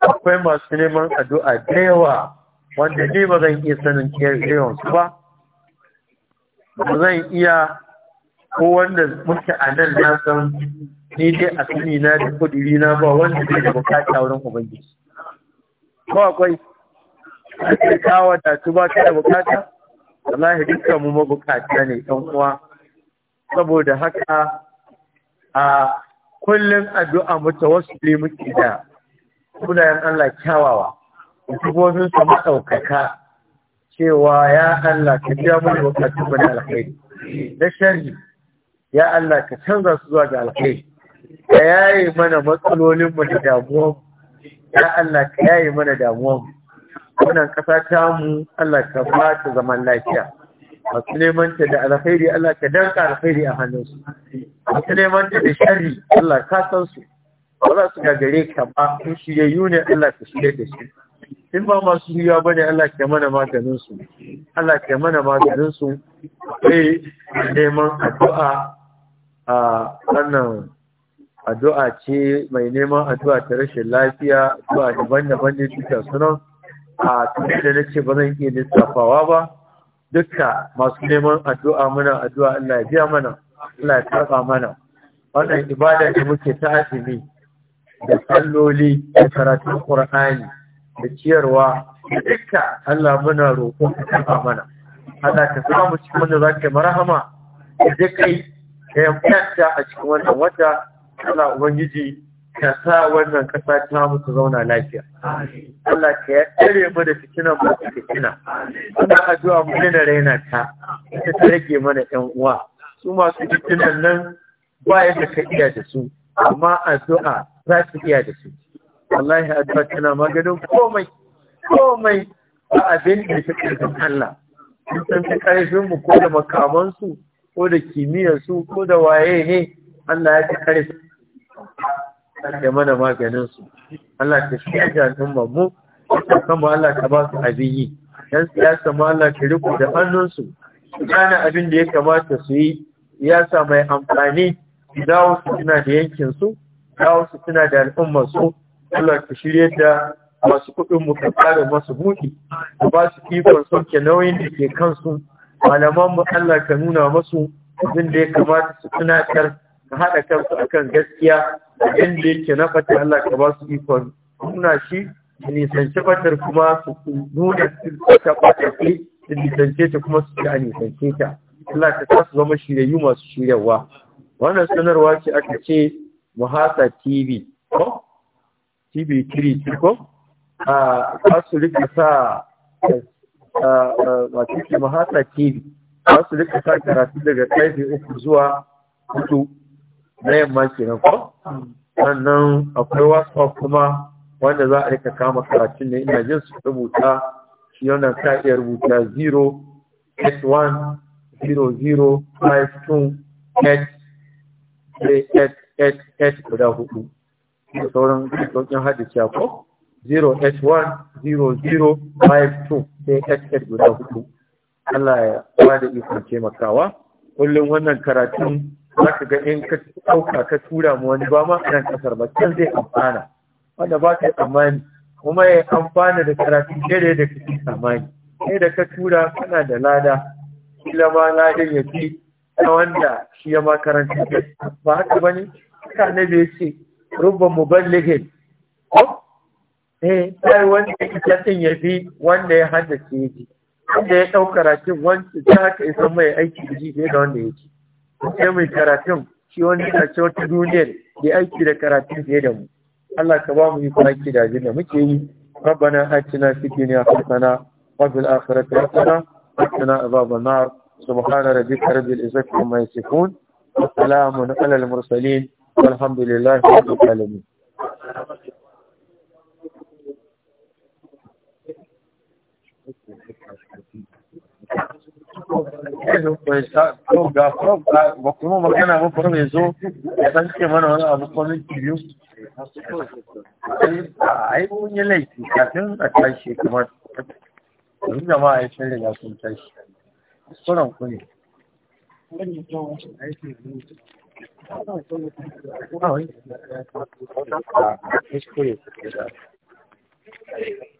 akwai masu neman addu'a da yawa wanda ni ba zan iya sanin yawan su ba ba zan iya ko wanda muke a nan na san ni dai a sani na da kudiri na ba wanda zai da bukata wurin ubangiji ba akwai ake kawo da su ba ta da bukata wallahi dukkan mu mabukata ne ɗan uwa saboda haka a kullum addu'a mutu wasu ne muke da sunayen Allah kyawawa sifofin su maɗaukaka cewa ya Allah ka biya mana bukatun na alkhairi na shari, ya Allah ka canza su zuwa da alkhairi ka yaye mana matsalolin da damuwan ya Allah ka yayi mana damuwan wannan ƙasa ta mu Allah ka ba ta zaman lafiya masu neman ta da alkhairi Allah ka danka alkhairi a hannunsu masu neman ta da shari Allah ka san su ba za su gagare ka ba in shiryayyu ne Allah ka shirya da shi in ba masu yiwuwa ba ne Allah ke mana maganinsu Allah ke mana maganinsu sai neman addu'a a wannan addu'a ce mai neman addu'a ta rashin lafiya addu'a daban-daban ne cuta sunan a cikin da na ce ba zan iya lissafawa ba dukka masu neman addu'a muna addu'a Allah ya biya mana Allah ya karɓa mana wannan ibada da muke ta azumi da alloli, da karatun ƙur'ani, da ciyarwa da dukka Allah muna roƙo, ka karɓa mana Allah ka mu cikin wanda za ka marahama da kai ka yamfanta a cikin wannan wata Allah ubangiji ka sa wannan kasa ta mu zauna lafiya. Allah ka ya tsere mu da fitinan mu da fitina. Muna addu'a mu da raina ta, ita ta rage mana ƴan uwa. Su masu fitinan nan ba yadda ka iya da su, amma addu'a za su iya da su. Wallahi addu'a tana maganin komai, komai ba abin da ta ƙarfin Allah. Sun san ta ƙarfin mu ko da makamansu, ko da kimiyyarsu, ko da waye ne, Allah ya ta Allah ya mana maganin su Allah ta shi ajatun mu ta kuma Allah ta ba su abin yi dan siyasa ma Allah ta riko da hannun su gane abin da ya kamata su yi siyasa mai amfani dawo su tuna da yankin su su tuna da al'umma su Allah ta shirye da masu kuɗin mu ka masu buɗi ka ba su ikon sauke nauyin da ke kansu malaman mu Allah ka nuna masu abin da ya kamata su tunatar ka haɗa kansu a kan gaskiya abin da yake na fata Allah ka ba su ikon nuna shi da nisanci fatar kuma su nuna su ta kwatafi da nisanci ta kuma su ta nisanci ta Allah ta kasu zama shiryayyu masu shiryarwa wannan sanarwa ce aka ce muhasa tv ko tv 3 ko a kasu rika sa masu ke muhasa tv kasu rika sa karatu daga ƙarfe uku zuwa hutu na yamma nan ko sannan akwai whatsapp kuma wanda za a rika kama karatun ne ina jin su rubuta shi yana ka iya rubuta 081 0052 guda hudu da sauran sauƙin hadisiya ko 081 guda hudu Allah ya ba da ikon taimakawa kullum wannan karatun za ka ga in ka ɗauka ka tura mu wani ba ma a nan ƙasar ba can zai amfana wanda ba ka tsammani kuma ya amfana da karatu yadda da kake tsammani sai da ka tura kana da lada kila ma ladan ya fi ta wanda shi ya makaranta ba haka ba ne ka na bai ce rubba Ko. eh sai wanda katin ya fi wanda ya haddace ya ji wanda ya ɗau karatun wanda ta haka isa mai aiki da ji da wanda ya ci sai mai karatun shi wani yana ce wata duniyar da aiki da karatun fiye da mu Allah ka ba mu yi kuma aiki da da muke yi rabbana atina fid dunya hasana wa fil akhirati hasana wa qina adhaban nar subhana rabbika rabbil izzati mai yasifun wa salamun alal mursalin والحمد لله رب ga magana ba kuma mai zo ya san mana wani abu ko biyu yi mun yi laifi kafin a tashi kamar yanzu jama'a yi san riga sun tashi sauran ku ne Thank you.